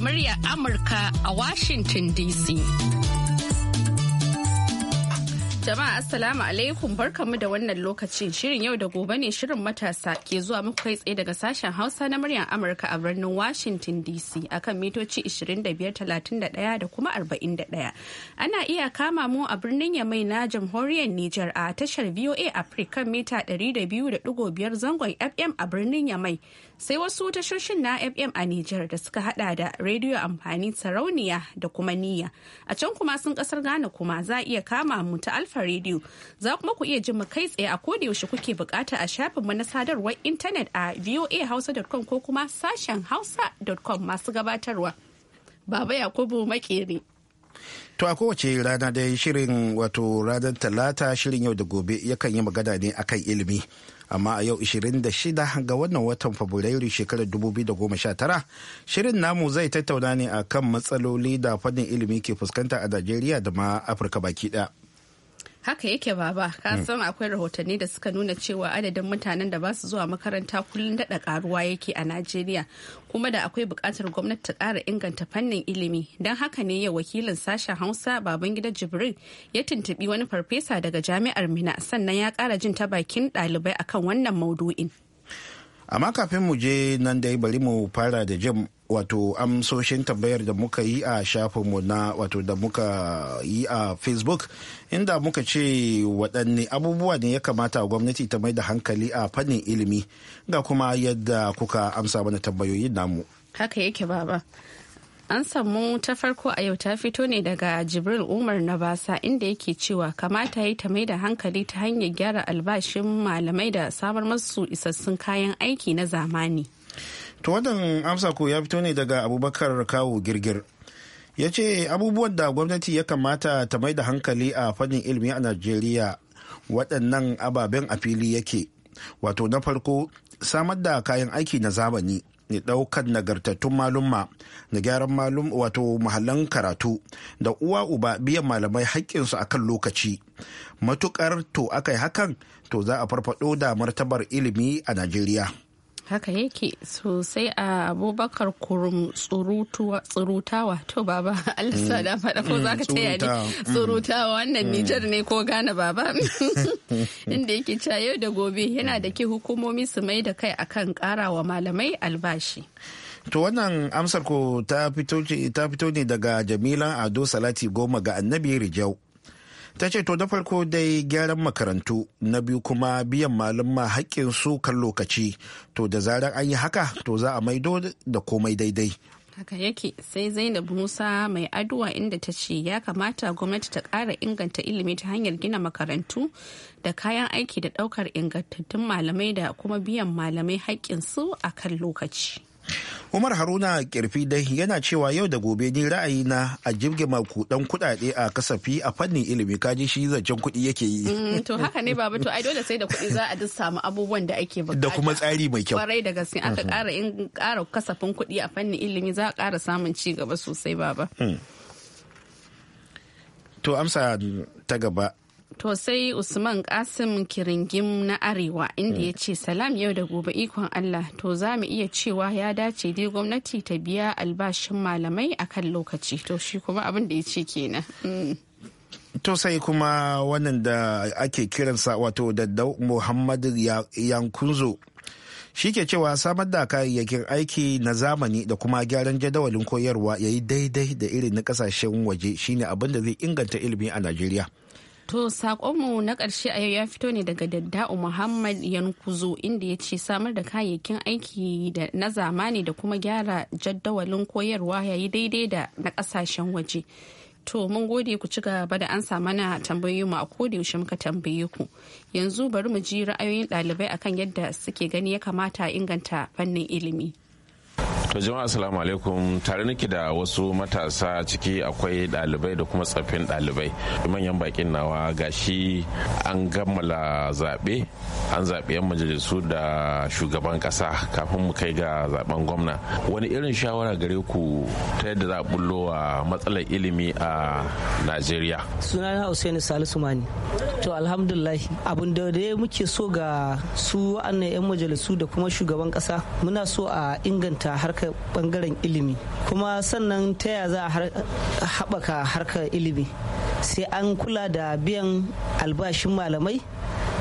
muryar Amurka a Washington DC. Jama'a Assalamu alaikum barkamu da wannan lokacin shirin yau da gobe ne shirin matasa ke zuwa muku kai tsaye daga sashen Hausa na muryar Amurka a birnin Washington DC akan mitoci 2531 da kuma 41. Ana iya kama mu a birnin Yamai na jamhuriyar Nijar a tashar VOA Afrika mita 200.5 zangon FM a birnin Yamai. Sai wasu tashoshin na FM a Nijar da suka hada da rediyo amfani sarauniya da kuma niyya. A can kuma sun kasar Ghana kuma za a iya kama mu ta alfa akan rediyo za kuma ku iya ji mu kai tsaye a koda yaushe kuke bukata a shafin mu na sadarwar intanet a voahausa.com ko kuma sashen hausa.com masu gabatarwa baba yakubu makeri To a kowace rana dai shirin wato ranar talata shirin yau da gobe yakan yi magana ne akan ilimi. Amma a yau 26 ga wannan watan Fabrairu shekarar 2019 shirin namu zai tattauna ne akan matsaloli da fannin ilimi ke fuskanta a Najeriya da ma Afirka baki ɗaya. haka yake baba ka hmm. san akwai rahotanni da suka nuna cewa adadin mutanen da ba su zuwa makaranta kullum daɗa karuwa yake a najeriya kuma da akwai buƙatar gwamnati ta ƙara inganta fannin ilimi don haka ne yau wakilin sashen hausa baban babangida jibril ya tuntuɓi wani farfesa daga jami'ar mina sannan ya ƙara jin ta bakin ɗalibai akan wannan maudu'in amma kafin mu je nan dai bari mu fara da jim. wato amsoshin tambayar da muka yi a shafinmu na wato da muka yi a facebook inda muka ce waɗanne abubuwa ne ya kamata gwamnati ta mai da hankali a fannin ilimi ga kuma yadda kuka amsa mana tambayoyin namu haka yake baba an samu ta farko a yau ta fito ne daga jibril umar na basa inda yake cewa kamata ya ta mai da hankali ta hanyar gyara albashin malamai da samar masu isassun kayan aiki na zamani to wannan amsa ko ya fito ne daga abubakar kawo girgir ya ce abubuwan da gwamnati ya kamata ta mai da hankali a fannin ilimi a najeriya waɗannan ababen a fili yake wato na farko samar da kayan aiki na zamani da ɗaukar nagartattun malumma na gyaran malum wato mahallan karatu da uwa uba biyan malamai haƙƙinsu a kan lokaci matuƙar to aka yi hakan to za a farfaɗo da martabar ilimi a najeriya haka yake sosai a abubakar kurum tsurutawa to baba allah mm. da faɗa ko za ka mm, taya ne mm. tsurutawa wannan nijar ne ko gane baba inda yake cewa da gobe yana da ke hukumomi su mai da kai akan wa malamai albashi To wannan amsar ko ta fito ne daga Jamilan Ado Salati Goma ga Annabi Rijau. ta ce to na farko dai gyaran makarantu na biyu kuma biyan malama haƙƙin su kan lokaci to da zarar an yi haka to za a maido da komai daidai haka yake sai zainab musa mai adu'a inda ta ce ya kamata gwamnati ta ƙara inganta ilimi ta hanyar gina makarantu da kayan aiki da ɗaukar ingantattun malamai da kuma biyan malamai haƙƙinsu a kan lokaci umar haruna kirfi dai yana cewa yau da gobe ni ra'ayi na a maku dan kudade a kasafi a fannin ilimi kaji shi zancen kudi yake yi mm, mm, to haka ne baba to ai dole sai da kudi za a duk samu abubuwan da ake bukata da kuma tsari mai kyau kwarai da gaske aka kara mm-hmm. in ƙara kasafin kudi a fannin ilimi za a ƙara samun ci gaba sosai baba mm. to amsa ta gaba To sai Usman Kasim Kiringim na Arewa inda ya ce salam yau da gobe ikon Allah to za mu iya cewa ya dace dai gwamnati ta biya albashin malamai akan lokaci to shi kuma abin da ya ce kenan. Mm. To sai kuma wannan da ake kiransa wato da Muhammadu Yankunzo shi ke cewa samar da kayayyakin aiki na zamani da kuma gyaran jadawalin koyarwa ya yi daidai da irin na kasashen waje shine abin da zai inganta ilimi a Najeriya. To sakonmu na ƙarshe a yau ya fito ne daga Dadda'u Muhammad Yankuzo inda ya ce samar da kayayyakin aiki da na zamani da kuma gyara jaddawalin koyarwa yayi daidai da na kasashen waje. To mun gode ku ci gaba da ansa mana tambayoyi mu a koda yaushe muka tambaye ku. Yanzu bari mu ji ra'ayoyin ɗalibai akan yadda suke gani ya kamata a inganta fannin ilimi. To jama'a assalamu alaikum tare nake da wasu matasa ciki akwai dalibai da kuma tsaffin ɗalibai. Manyan bakin nawa gashi an gammala zaɓe an zaɓe yan majalisu da shugaban ƙasa kafin mu kai ga zaben gwamna. Wani irin shawara gare ku ta yadda za a matsalar ilimi a Najeriya. Sunana Usaini Salisu Mani. To alhamdulillah abin da muke so ga su wa'annan yan majalisu da kuma shugaban ƙasa muna so a inganta harkar harkar bangaren ilimi kuma sannan ta ya za a haɓaka harkar ilimi sai an kula da biyan albashin malamai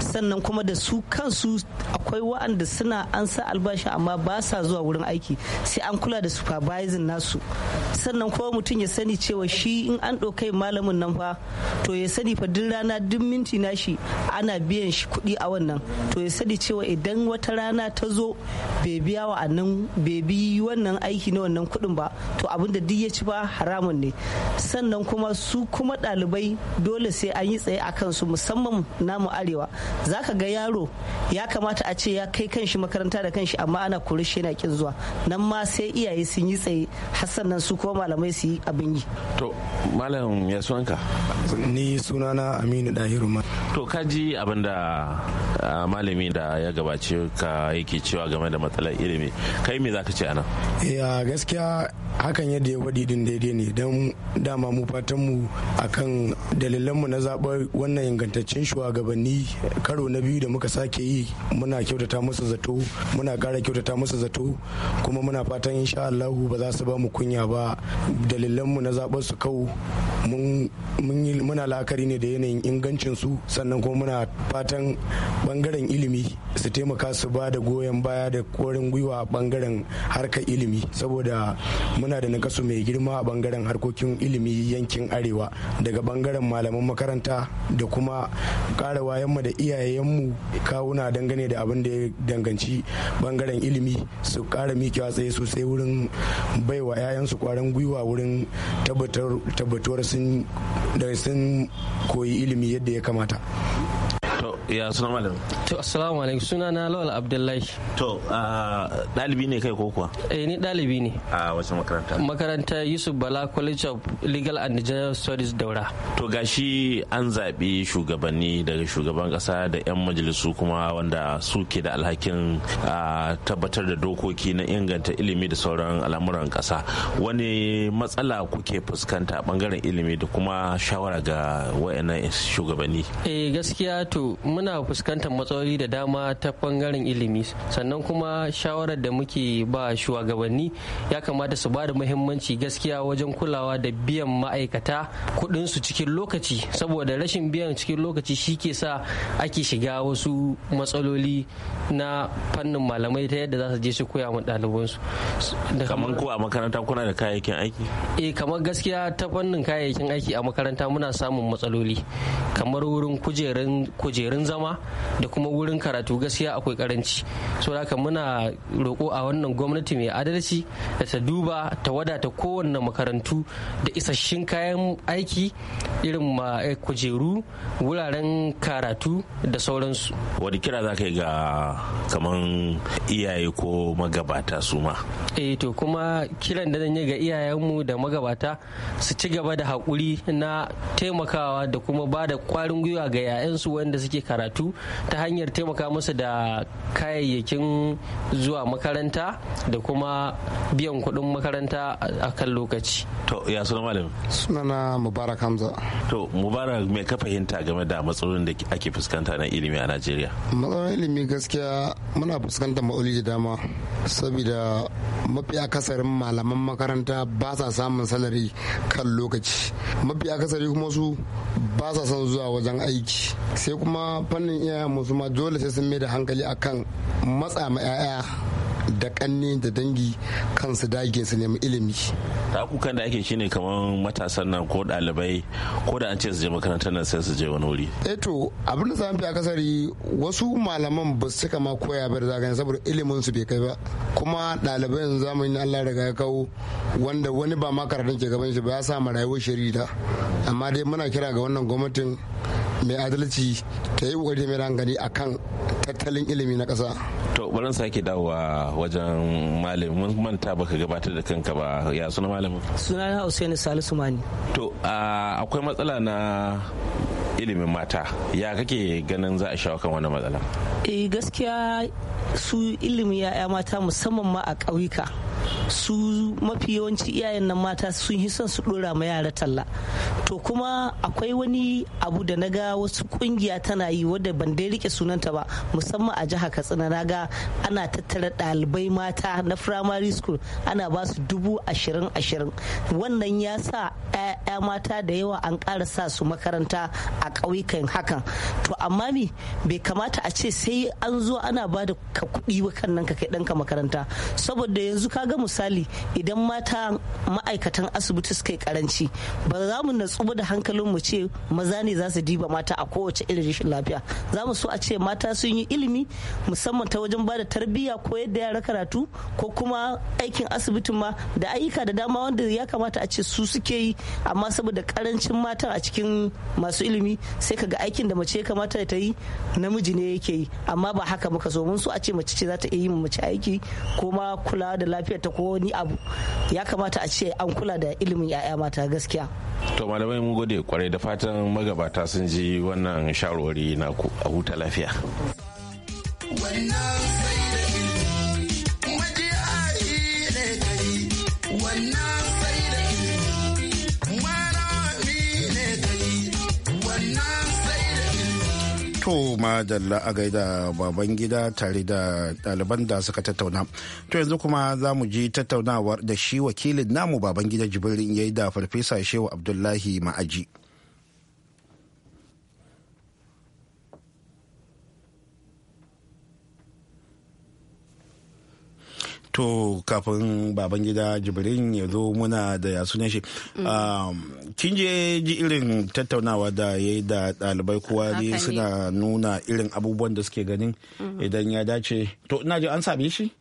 sannan kuma da su kansu akwai wa'anda suna an sa albashi amma ba sa zuwa wurin aiki sai an kula da supervising nasu sannan kuma mutum ya sani cewa shi in an ɗaukai malamin nan fa to ya sani fa duk rana duk minti nashi ana biyan shi kuɗi a wannan to ya sani cewa idan wata rana ta zo bai biya wa annan bai bi wannan aiki na wannan kuɗin ba to abin da duk ya ci ba haramun ne sannan kuma su kuma ɗalibai dole sai an yi tsaye a kansu musamman namu arewa zaka ga yaro ya kamata a ce ya kai kanshi makaranta da kanshi amma ana kore shi yana kin zuwa nan ma sai iyaye sun yi tsaye hassan nan su kuma malamai su yi abin yi to malam ya sunanka ni sunana Aminu Dahiru ma to ka ji abin da malami da ya gabace ka yake cewa game da matsalar ilimi kai me zaka ce anan ya gaskiya hakan yadda ya wadi din daidai ne don dama mu fatan mu akan dalilan mu na zaɓar wannan ingantaccen shugabanni karo na biyu da muka sake yi muna kyautata musu zato muna kara kyautata musu zato kuma muna fatan insha Allahu ba za su ba mu kunya ba dalilanmu na zaɓar su kau muna la'akari ne da yanayin ingancin su sannan kuma muna fatan bangaren ilimi su taimaka su ba da goyon baya da korin gwiwa a bangaren harkar ilimi saboda muna da nakasu mai girma a bangaren harkokin ilimi yankin arewa daga bangaren malaman makaranta da kuma ƙara wayanmu da iyayenmu kawuna dangane da abin da ya danganci bangaren ilimi su kara mikewa tsaye sosai wurin baiwa 'ya'yansu kwarin gwiwa wurin tabbatuwar sun koyi ilimi yadda ya kamata ya suna malam to assalamu alaikum suna na lawal abdullahi to dalibi uh, ne kai ko kuwa eh ni dalibi ne a wasu makaranta makaranta yusuf bala college of legal and general studies daura to gashi an zaɓi shugabanni daga shugaban kasa da 'yan majalisu kuma wanda suke da alhakin uh, tabbatar da dokoki na inganta ilimi da sauran al'amuran kasa wani matsala kuke fuskanta bangaren ilimi da kuma shawara ga wayannan shugabanni eh, gaskiya to muna fuskantar matsaloli da dama ta bangaren ilimi sannan kuma shawarar da muke ba shugabanni ya kamata su ba da muhimmanci gaskiya wajen kulawa da biyan ma'aikata kuɗin su cikin lokaci saboda rashin biyan cikin lokaci shi ke sa ake shiga wasu matsaloli na fannin malamai ta yadda za su je su koya ma ɗalibansu kamar ko a makaranta kuna da kayayyakin aiki eh kamar gaskiya ta fannin kayayyakin aiki a makaranta muna samun matsaloli kamar wurin kujerun kujerun zama da kuma wurin karatu gaskiya akwai karanci so haka muna roƙo a wannan gwamnati mai adalci da ta duba ta wadata kowanne makarantu da isasshin kayan aiki irin ma eh, kujeru wuraren karatu da sauransu wani kira za ka yi ga kaman iyaye ko magabata su ma eh to kuma kiran da zan yi ga iyayenmu da magabata su ci gaba da haƙuri na taimakawa da kuma ba da ƙwarin gwiwa ga 'ya'yansu wanda suke karatu karatu ta hanyar taimaka musu da kayayyakin zuwa makaranta da kuma biyan kuɗin makaranta a kan lokaci. To ya suna malam? Sunana Mubarak Hamza. To Mubarak mai ka fahimta game da matsalolin da ake fuskanta na ilimi a Najeriya? Matsalolin ilimi gaskiya muna fuskantar ma'uli da dama saboda mafi akasarin malaman makaranta ba sa samun salari kan lokaci. Mafi akasari kuma su ba sa son zuwa wajen aiki sai kuma fannin iyayenmu su ma dole sai sun mai da hankali akan matsa ma 'ya'ya da kanne da dangi kansu dagin su nemi ilimi kukan da ake shine kamar matasan nan ko dalibai ko da an ce su je makarantar nan sai su je wani wuri eh to abin da zamu fi akasari wasu malaman ba su cika koya ba da zagane saboda ilimin su bai kai ba kuma dalibai yanzu zamani na Allah daga ya kawo wanda wani ba ma ke gaban shi ba ya sa ma rayuwar shari'a amma dai muna kira ga wannan gwamnatin mai adalci ta yi kokari mai rangani kan tattalin ilimi na ƙasa to bari sake dawowa wajen malamin manta baka gabatar da kanka ba ya suna malamin suna na Hussein Salisu Mani to akwai matsala na ilimin mata ya kake ganin za a shawo kan wani matsala eh gaskiya su ilimin ya'ya mata musamman ma a ƙauyuka su mafi yawanci iyayen nan mata sun yi son su dora ma yara talla to kuma akwai wani abu da naga wasu kungiya tana yi wadda ban dai rike sunanta ba musamman a jihar katsina naga ana tattara dalibai mata na primary school ana ba su dubu ashirin ashirin wannan ya sa 'ya'ya mata da yawa an ƙara sa su makaranta a ƙauyukan hakan to amma me bai kamata a ce sai an zo ana ba da kuɗi wa kan nan ka kai ɗanka makaranta saboda yanzu ka ga misali idan mata ma'aikatan asibiti suka yi karanci ba za mu natsu da hankalin mu ce maza ne za su diba mata a kowace irin rashin lafiya za mu so a ce mata sun yi ilimi musamman ta wajen ba da tarbiyya ko yadda yara karatu ko kuma aikin asibitin ma da ayyuka da dama wanda ya kamata a ce su suke yi amma saboda karancin mata a cikin masu ilimi sai ka ga aikin da mace ya kamata ta yi namiji ne yake yi amma ba haka muka so mun so a ce mace ce za ta iya yin mace aiki kuma kula da lafiya. ta ko wani abu ya kamata a ce an kula da ilimin 'ya'ya mata gaskiya to malamai mu gode kwarai da fatan magabata sun ji wannan shawarwari na a huta lafiya wannan ma madalla a gaida baban gida tare da ɗaliban da suka tattauna. To yanzu kuma za mu ji tattaunawar da shi wakilin namu baban gida Jibrin ya yi da farfesa Shehu Abdullahi Ma'aji. to kafin baban gida jibrin ya zo muna da ya sunan shi mm. um, kin je ji irin tattaunawa da ya yi da ɗalibai kowa ne suna nuna irin abubuwan da suke ganin mm-hmm. idan ya dace to ina ji an same shi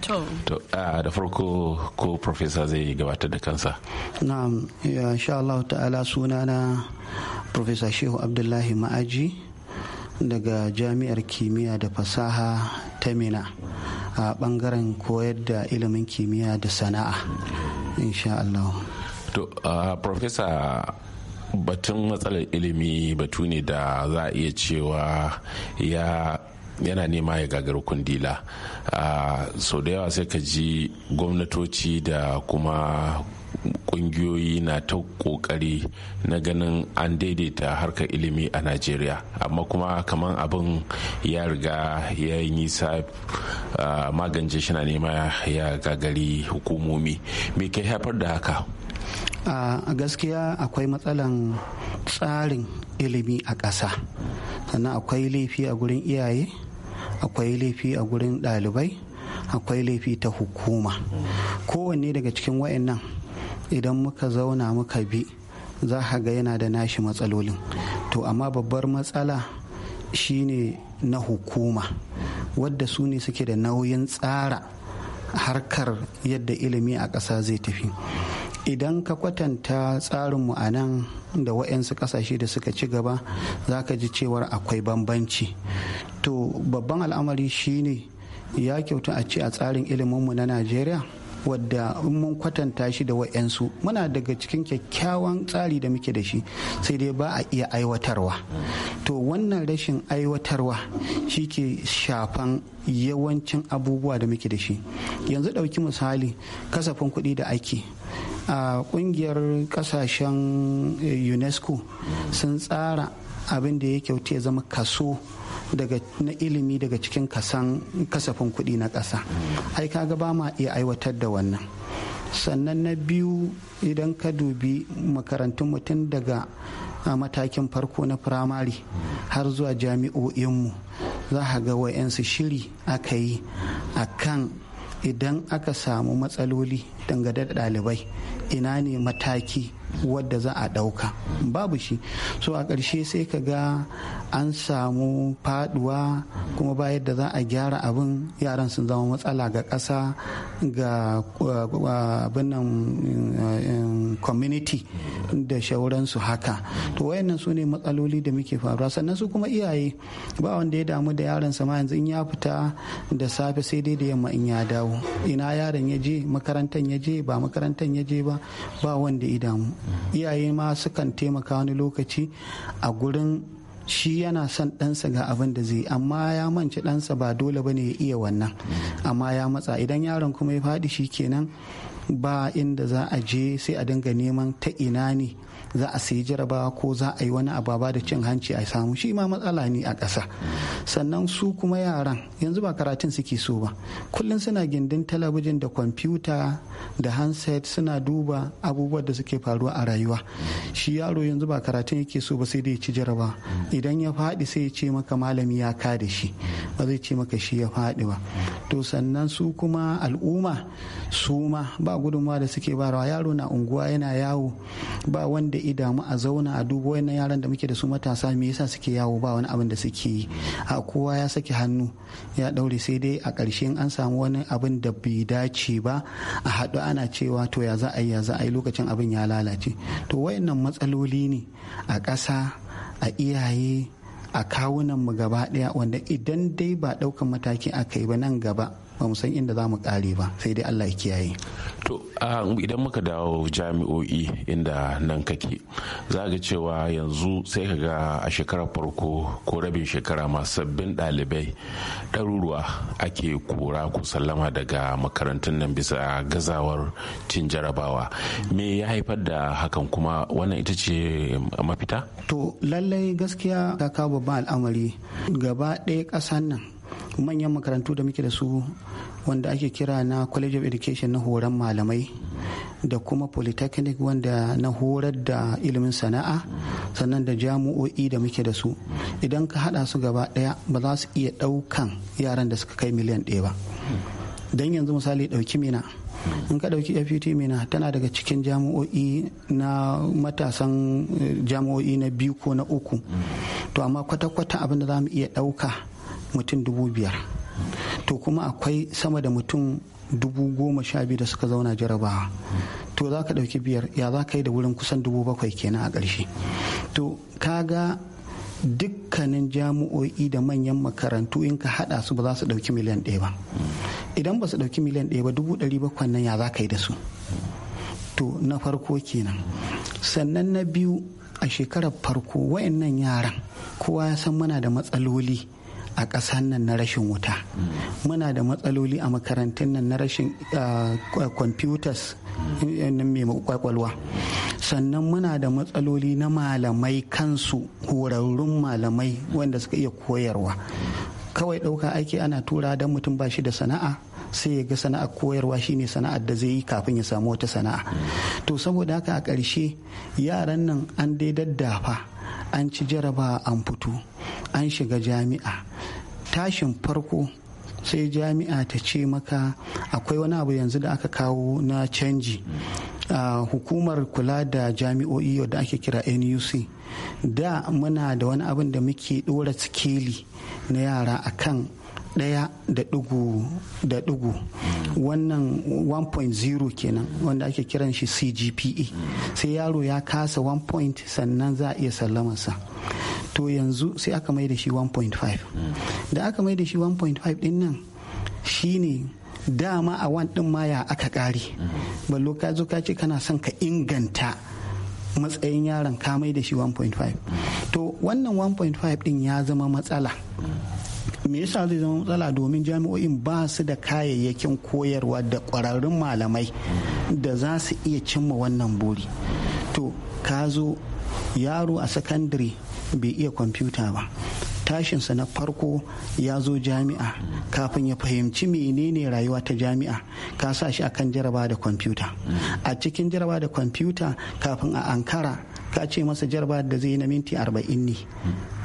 To, da farko ko Profesa zai gabatar da kansa. Na'am, sha Allah ta'ala sunana Profesa Shehu Abdullahi Ma'aji. daga jami'ar kimiyya da fasaha ta mina a bangaren koyar da ilimin kimiyya da sana'a insha Allah. to uh, professor batun matsalar ilimi batu ne da za a iya cewa ya yana nema ya gagari kundila uh, so da yawa sai ka ji gwamnatoci da kuma kungiyoyi na ta kokari na ganin an daidaita harka ilimi a najeriya amma kuma kamar abin ya riga ya yi nisa magance shi na nema ya gagari hukumomi me ke haifar da haka a gaskiya akwai matsalan tsarin ilimi a ƙasa sannan akwai laifi a gurin iyaye akwai laifi a gurin ɗalibai akwai laifi ta hukuma kowanne daga cikin wayannan idan muka zauna muka bi za a ga yana da nashi matsalolin to amma babbar matsala shine na hukuma wadda su ne suke da nauyin tsara harkar yadda ilimi a ƙasa zai tafi idan ka kwatanta tsarinmu a nan da waɗansu ƙasashe da suka ci gaba za ka ji cewar akwai bambanci to babban al'amari shine ya kyautu a ce a tsarin ilimin mu na najeriya wadda mun kwatanta shi da wa'yansu muna daga cikin kyakkyawan tsari da muke da shi sai dai ba a iya aiwatarwa to wannan rashin aiwatarwa shi ke shafan yawancin abubuwa da muke da shi yanzu ɗauki misali kasafin kuɗi da ake a ƙungiyar ƙasashen eh, unesco sun tsara abin da ya kyauta ya zama kaso daga na ilimi daga cikin kasan kasafin kuɗi na ƙasa ai kaga ba ma iya aiwatar da wannan sannan na biyu idan ka dubi makarantun mutum daga a matakin farko na firamare har zuwa jami'o'inmu za a ga wa'yansu shiri aka yi a kan idan aka samu matsaloli dangane da ɗalibai ina ne mataki wadda za a ɗauka babu shi so a ƙarshe sai ka ga an samu faduwa kuma ba yadda za a gyara abin yaran sun zama matsala ga ƙasa ga uh, abinnan um, community da shauransu haka to wayannan su ne matsaloli da muke faruwa sannan su kuma iyaye ba wanda ya damu da yaran sama yanzu in ya fita da safe sai dai da yamma in ya dawo ina yaron ya je makarantar ya je ba makarantar ya je ba ba wanda ya damu iyaye ma sukan taimaka wani lokaci a gurin shi yana son ɗansa ga abin da zai amma ya manci ɗansa ba dole ba ne ya iya wannan amma ya matsa idan yaron kuma ya faɗi shi kenan ba inda za a je sai a dinga neman ta ina ne za a sayi jarabawa ko za a yi wani ababa da cin hanci a samu shi ma matsala ne a ƙasa sannan su kuma yaran yanzu ba karatun suke so ba kullum suna gindin talabijin da kwamfuta da handset suna duba abubuwan da suke faruwa a rayuwa shi yaro yanzu ba karatun yake so ba sai dai ya ci jaraba idan ya faɗi sai ya ce maka malami ya ka da shi ba zai ce maka shi ya faɗi ba to sannan su kuma al'umma su ma ba gudunmawa da suke barawa yaro na unguwa yana yawo ba wanda da mu a zauna a dubo wayannan yaran da muke da su matasa me yasa suke yawo ba wani abin da suke yi a kowa ya saki hannu ya daure sai dai a ƙarshen an samu wani abin da bai dace ba a haɗu ana cewa to ya za a yi ya za a yi lokacin abin ya lalace to wayannan matsaloli ne a ƙasa a iyaye a kawunan mu gaba ɗaya wanda idan dai ba ɗaukan mataki aka yi ba nan gaba ba mu san inda za mu ƙare ba sai dai Allah ya kiyaye to idan muka dawo jami'o'i inda nan kake za ga cewa yanzu sai ka ga a shekarar farko ko rabin shekara ma sabbin ɗalibai ɗaruruwa ake kora ko sallama daga makarantun nan bisa gazawar cin jarabawa me ya haifar da hakan kuma wannan ita ce mafita to lallai gaskiya ta kawo babban al'amari gaba ɗaya ƙasan nan manyan makarantu da muke da su wanda ake kira na college of education na horon malamai da kuma polytechnic wanda na horar da ilimin sana'a sannan da jami'o'i da muke da su idan ka hada su gaba daya ba za su iya daukan yaran da suka kai miliyan ɗaya ba don yanzu misali dauki mina in ka dauki fut mina tana daga cikin jami'o'i na matasan jami'o'i na biyu ko na uku to amma kwata-kwata abin da za mu iya dauka mutum dubu biyar to kuma akwai sama da mutum dubu goma sha biyu da suka zauna jarabawa to za ka ɗauki biyar ya za ka yi da wurin kusan dubu bakwai kenan a ƙarshe to ka ga dukkanin jami'o'i da manyan makarantu in ka haɗa su ba za su ɗauki miliyan ɗaya ba idan ba su ɗauki miliyan ɗaya ba dubu ɗari bakwai nan ya za ka yi da su to na farko kenan sannan na biyu a shekarar farko wayannan yaran kowa ya san muna da matsaloli a ƙasar nan na rashin wuta muna da matsaloli a makarantun nan na rashin computers mm. eh, mai kwakwalwa sannan muna da matsaloli na malamai kansu horarrun malamai wanda suka iya koyarwa kawai ɗauka aiki ana tura don mutum ba shi da sana'a sai ya ga sana'ar koyarwa shine sana'ar da zai yi kafin ya samu wata sana'a mm. to saboda haka a ƙarshe yaran nan an dai daddafa an ci jaraba an fito an shiga jami'a tashin farko sai jami'a ta ce maka akwai wani abu yanzu da aka kawo na canji hukumar kula da jami'o'i da ake kira nuc da muna da wani abin da muke dora sikeli na yara a kan daya da dugu da dugu wannan 1.0 kenan wanda ake kiran shi CGPA e. sai yaro ya kasa 1 point sannan za a iya sallamarsa to yanzu sai aka mai da shi 1.5 da aka mai da shi 1.5 din nan shine dama a wan din ma ya aka kare ballo ka zo ka ce kana son ka inganta matsayin yaron ka mai da shi 1.5 to wannan 1.5 din ya zama matsala me yasa zai zama matsala domin jami'o'in ba su da kayayyakin koyarwa da ƙwararrun malamai da za su iya cimma wannan buri to ka zo yaro a sakandare bai iya kwamfuta ba tashinsa na farko ya zo jami'a kafin ya fahimci menene rayuwa ta jami'a ka sa shi akan jaraba da kwamfuta a cikin jaraba da kwamfuta kafin a ankara ka ce masa jaraba da zai na minti arba'in ne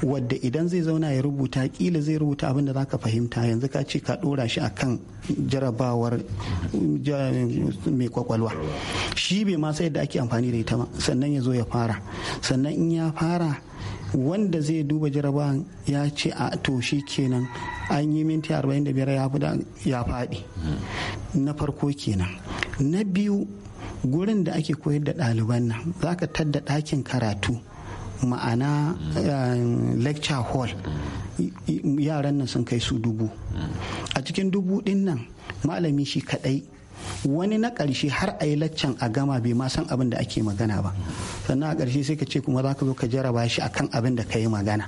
wadda idan zai zauna ya rubuta kila zai rubuta abin da za ka fahimta yanzu ka ce ka dora shi akan jarabawar mai kwakwalwa shi bai ma sai da ake amfani da ita ba sannan ya zo ya fara sannan in ya fara wanda zai duba jarabawan ya ce a to kenan an yi minti 45 ya faɗi na farko kenan na biyu gurin da ake koyar da ɗaliban nan za ka tadda ɗakin karatu ma'ana eh, lecture hall yaran nan sun kai su dubu a cikin dubu ɗin nan malami shi kaɗai wani na ƙarshe har a yi laccan a gama bai ma san abin da ake magana ba sannan a ƙarshe sai ka ce kuma za ka zo ka jaraba shi a kan abin da ka yi magana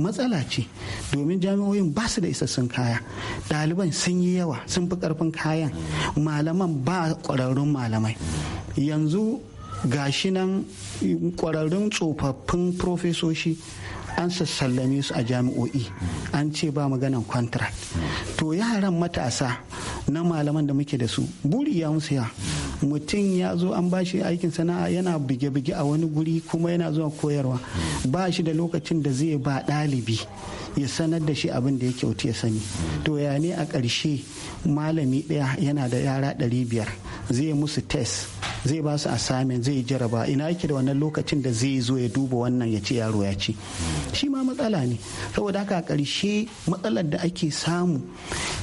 matsala ce domin jami'o'in ba su da isassun kaya ɗaliban sun yi yawa sun fi ƙarfin kayan malaman ba ƙwararrun malamai yanzu gashi nan ƙwararrun tsofaffin profesoshi an sassallame su a jami'o'i an ce ba maganan contract to yaran matasa na malaman da muke da su buri ya musu ya mutum ya zo an ba shi aikin sana'a yana bige-bige a wani guri kuma yana zuwa koyarwa ba shi da lokacin da zai ba ɗalibi ya sanar da shi abin da ya kyautu ya sani to ya ne a ƙarshe malami ɗaya yana da yara ɗari biyar zai musu tes zai ba su assignment zai jaraba ina yake da wannan lokacin da zai zo ya duba wannan ya ce yaro ya ci shi ma matsala ne saboda haka a ƙarshe matsalar da ake samu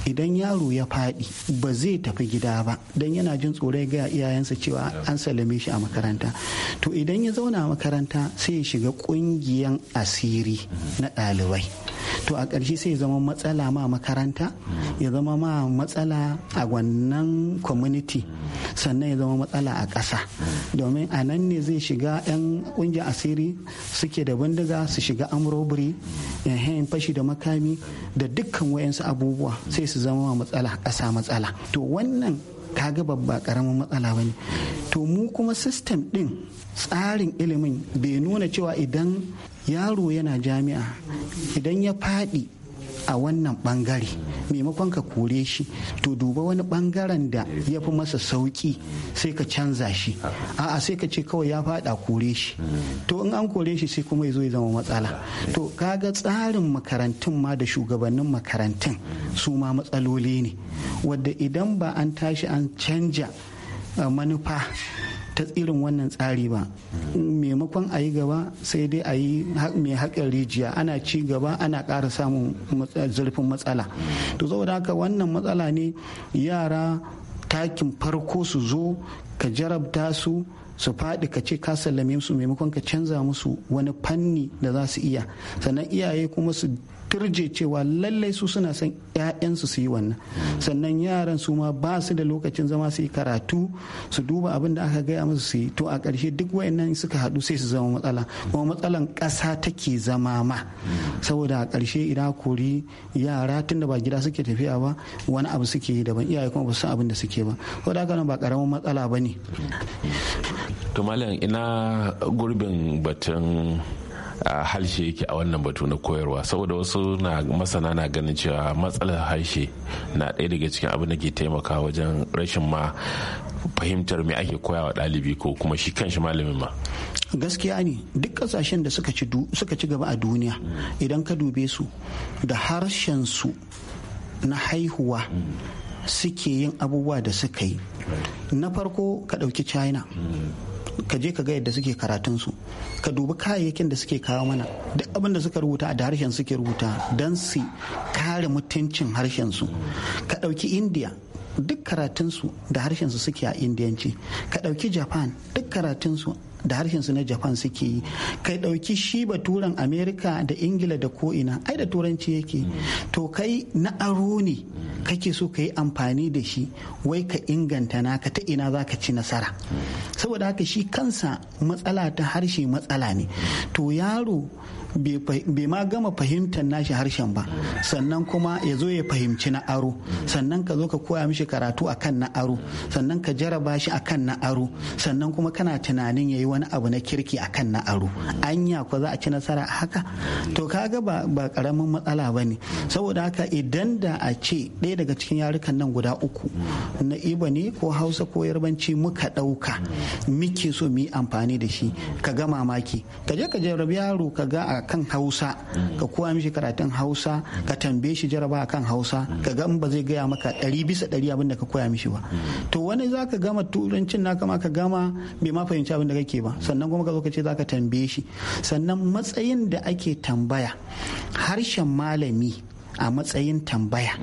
idan yaro ya faɗi ba zai tafi gida ba don yana jin tsoron ga iyayensa cewa an salame shi a makaranta to idan ya zauna a makaranta sai ya shiga ƙungiyan asiri na ɗalibai to a ƙarshe sai ya zama matsala ma makaranta ya zama ma matsala a wannan community sannan ya zama matsala a ƙasa domin a nan ne zai shiga 'yan ƙungiyar asiri suke da bindiga su shiga amrobiri hain fashi da makami da dukkan wayansu abubuwa sai su zama matsala ƙasa matsala to wannan kaga babba karamin matsala ba ne to mu kuma system din tsarin ilimin bai nuna cewa idan yaro yana jami'a idan ya faɗi a wannan bangare maimakon ka kore shi to duba wani bangaren da ya fi masa sauƙi sai ka canza shi a'a sai ka ce kawai ya fada kore shi to in an kore shi sai kuma ya zo ya zama matsala to kaga tsarin makarantun ma da shugabannin makarantun su ma matsaloli ne wadda idan ba an tashi an canja eh, manufa ta tsirin wannan tsari ba maimakon a yi gaba sai dai a yi mai haƙin rijiya ana ci gaba ana ƙara samun zurfin matsala to saboda haka wannan matsala ne yara takin farko su zo ka jarabta su su faɗi ka ce ka sallame su maimakon ka canza musu wani fanni da za su iya sannan iyaye kuma su turje cewa lallai su suna son 'ya'yansu su yi wannan sannan yaran su ma ba su da lokacin zama su yi karatu su duba abin da aka gaya musu su yi to a ƙarshe duk wayannan suka haɗu sai su zama matsala kuma matsalan ƙasa take zama ma saboda a ƙarshe idan kori yara tun da ba gida suke tafiya ba wani abu suke yi daban iyaye kuma ba su san abin da suke ba saboda haka ba ƙaramin matsala ba ne to malam ina gurbin batun harshe yake a wannan batu na koyarwa saboda wasu na masana na ganin cewa matsalar harshe na ɗaya daga cikin abin da ke taimaka wajen rashin ma fahimtar me ake koyawa ɗalibi ko kuma shi kanshi malamin ma gaskiya ne duk ƙasashen da suka ci gaba a duniya idan ka dube su da harshen su na haihuwa suke yin abubuwa da suka yi na farko ka ɗauki china ka je ka ga yadda suke karatun su ka dubi kayayyakin da suke kawo mana duk abin da suka rubuta da harshen suke rubuta don su kare mutuncin harshen su ka ɗauki India duk karatun su da harshen su suke a indiyanci ka ɗauki japan duk karatun su. da harshen su na japan suke yi kai dauki shi baturan amerika da ingila da ko'ina ai da turanci yake to kai na aro ne kake so ka yi amfani da shi wai ka inganta naka ta ina za ka ci nasara saboda haka shi kansa matsala ta harshe matsala ne to yaro bai ma gama fahimtar nashi harshen ba sannan kuma ya zo ya fahimci na aro sannan ka zo ka koya mishi karatu akan na aro sannan ka jaraba shi akan na aro sannan kuma kana tunanin ya yi wani abu na kirki akan na aro anya ko za a ci nasara a haka to kaga ba ba karamin matsala ba ne saboda haka idan da a ce ɗaya daga cikin yarukan nan guda uku na iba ne ko hausa ko yarbanci muka ɗauka muke so mu yi amfani da shi ka ga mamaki ka je ka jarabi yaro ka ga a kan hausa ka koya mishi karatun hausa ka tambaye shi jaraba a kan hausa ka ga ba zai gaya maka ɗari bisa ɗari abin da ka koya mishi ba to wani za ka gama turancin naka ma ka gama bai ma fahimci abin da kake ba sannan kuma ka zo ka ce za ka tambaye shi sannan matsayin da ake tambaya harshen malami a matsayin tambaya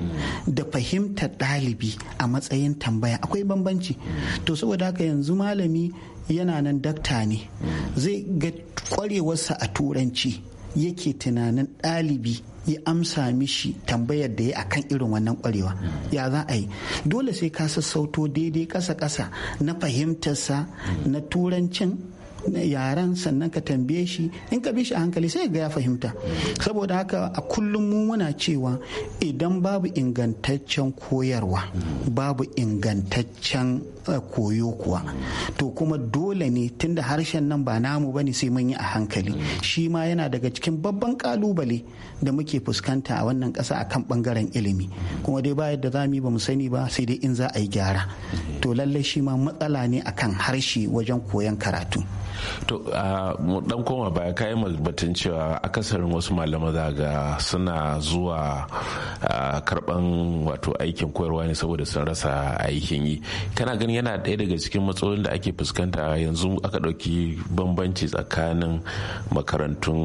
da fahimtar ɗalibi a matsayin tambaya akwai bambanci to saboda haka yanzu malami yana nan dakta ne zai ga kwarewarsa a turanci yake tunanin ɗalibi ya amsa mishi tambayar da ya kan irin wannan kwarewa ya za a yi dole sai ka sassauto daidai kasa kasa na fahimtarsa na turancin yaran sannan ka tambaye shi in ka bi shi a hankali sai ga ya fahimta saboda haka a kullum mu muna cewa idan babu ingantaccen koyarwa babu ingantaccen eh, koyo kuwa to kuma dole ne tunda harshen nan ba namu bane sai mun yi a hankali shi ma yana daga cikin babban kalubale da muke fuskanta a wannan kasa akan bangaren ilimi kuma dai ba yadda za yi ba mu sani ba sai dai in za a yi gyara to lallai shi ma matsala ne akan harshe wajen koyon karatu to mu dan koma baya kayan batun cewa akasarin wasu malaman zaga suna zuwa karban wato aikin koyarwa ne saboda sun rasa aikin yi kana ganin yana ɗaya daga cikin matsalolin da ake fuskanta yanzu aka ɗauki bambanci tsakanin makarantun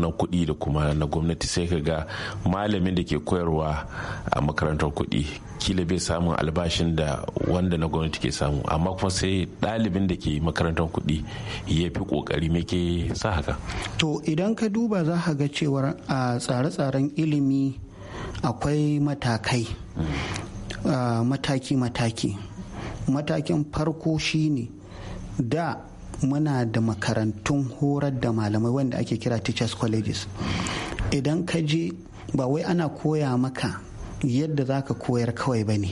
na kuɗi da kuma na gwamnati sai ka ga malamin da ke koyarwa a makarantar kuɗi kila bai samun albashin da wanda na gwamnati ke samu amma kuma sai ɗalibin da ke makarantar kuɗi ya fi ƙoƙari me ke sa haka to idan ka duba za ka ga cewar a tsare-tsaren ilimi akwai matakai hmm. mataki-mataki matakin farko shine da muna da makarantun horar da malamai wanda ake kira teachers colleges idan ka je ba wai ana koya maka yadda za ka koyar kawai ba ne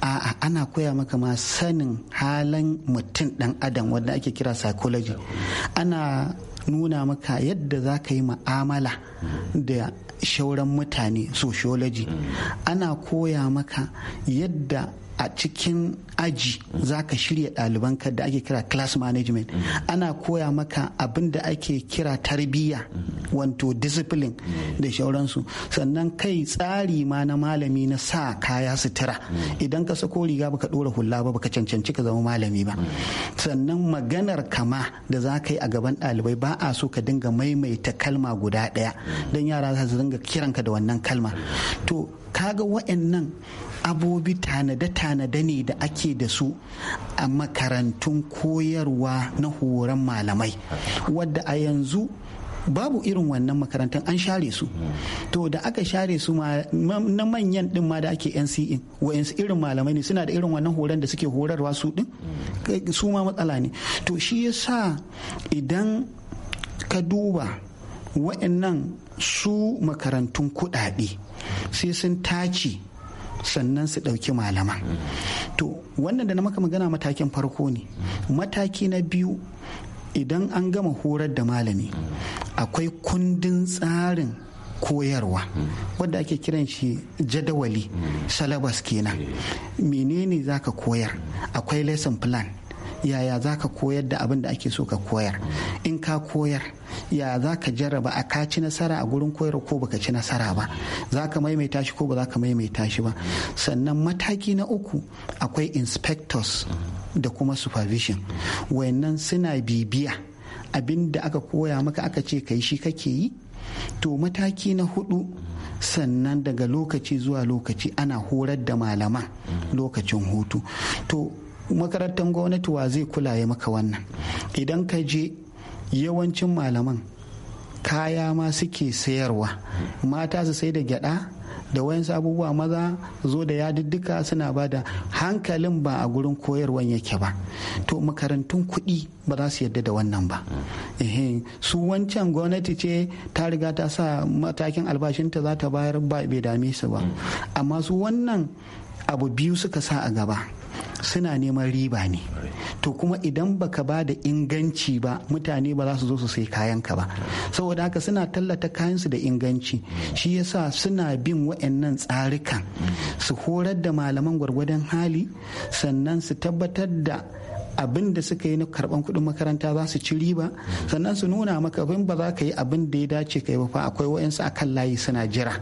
a'a ana koya maka ma sanin halin mutum dan adam wanda ake kira psychology ana nuna maka yadda za ka yi ma'amala da shauran mutane sociology ana koya maka yadda a cikin aji za ka shirya ɗalibanka da ake kira class management ana koya maka abin da ake kira tarbiyya wanto discipline da shauransu sannan kai tsari ma na malami na sa kaya sutura idan ka sako riga baka ɗora hula ba baka cancanci ka zama malami ba sannan maganar kama da za ka yi a gaban ɗalibai ba a so ka dinga maimaita kalma guda ɗaya don yara za su dinga kiranka da wannan kalma to kaga wa'annan abubi tanade-tanade ne da ake da su a makarantun koyarwa na horon malamai wadda a yanzu babu irin wannan makarantun an share su to da aka share su na manyan din ma da ake NCE wayansu irin malamai ne suna da irin wannan horon da suke horarwa su din su ma matsala ne to shi yasa idan ka duba wayannan su makarantun kuɗaɗe sai sun tace sannan su ɗauki malama, to wannan da na maka magana matakin farko ne mataki na biyu idan an gama horar da malami akwai kundin tsarin koyarwa wadda ake kiran shi jadawali salabas kenan eh. menene za ka koyar akwai lesson plan yaya za ka koyar da abin da ake so ka koyar in ka koyar ya za ka jarraba a ka ci nasara a gurin koyar ko baka ci nasara ba za ka maimaita shi ko ba za ka maimaita shi ba sannan mataki na uku akwai inspectors da kuma supervision wayannan suna bibiya abin da aka koya maka aka ce ka yi shi kake yi to mataki na hudu sannan daga lokaci zuwa lokaci ana horar da malama lokacin hutu to makarantar gwamnati wa zai kula ya maka wannan idan ka je yawancin malaman kaya ma suke sayarwa mata su sai da gyada da wayansu abubuwa maza zo da yadiddika suna ba da hankalin ba a gurin koyarwan yake ba to makarantun kuɗi ba za su yadda da wannan ba su wancan gwamnati ce ta riga ta sa matakin albashinta za ta bayar ba bai dame su ba amma su wannan abu biyu suka sa a gaba suna neman riba ne to kuma idan baka ba da inganci ba mutane ba za su zo su sai kayan ka ba saboda haka suna tallata kayansu da inganci shi yasa suna bin wa'annan tsarikan su horar da malaman gwargwadon hali sannan su tabbatar da abin da suka yi na karban kuɗin makaranta za su ci riba sannan su nuna maka abin ba za ka yi abin da ya dace ka yi ba akwai akan layi suna jira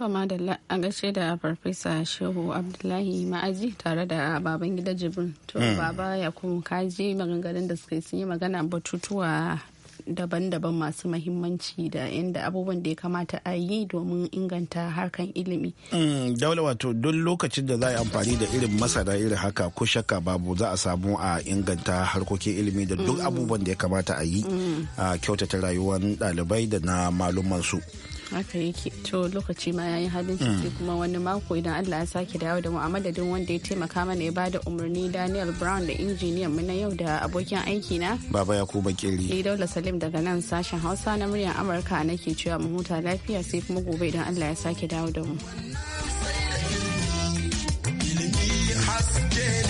To madalla a gaishe da farfesa Shehu Abdullahi Ma'aji tare da baban gida Jibrin. To hmm. baba ya kuma kaji maganganun da suka sun yi magana batutuwa daban-daban masu mahimmanci da yadda abubuwan da ya kamata a yi domin inganta harkan ilimi. Hmm, Daula wato duk lokacin da za a yi amfani da irin masana irin haka ko shakka babu za a samu a inganta harkokin ilimi da duk hmm. abubuwan da ya kamata a yi a kyautata rayuwar ɗalibai da na malumansu. su. haka yake to lokaci ma yayi halin ciki hmm. kuma wani mako idan Allah ya sake dawo da mu a madadin wanda ya taimaka mana ya bada umarni Daniel Brown da injiniyan mu na yau da abokin aiki na Baba Yakuba Kiri ni Daula Salim daga nan sashen Hausa na muryar Amurka nake cewa mu huta lafiya sai kuma gobe idan Allah ya sake dawo da mu Ilimi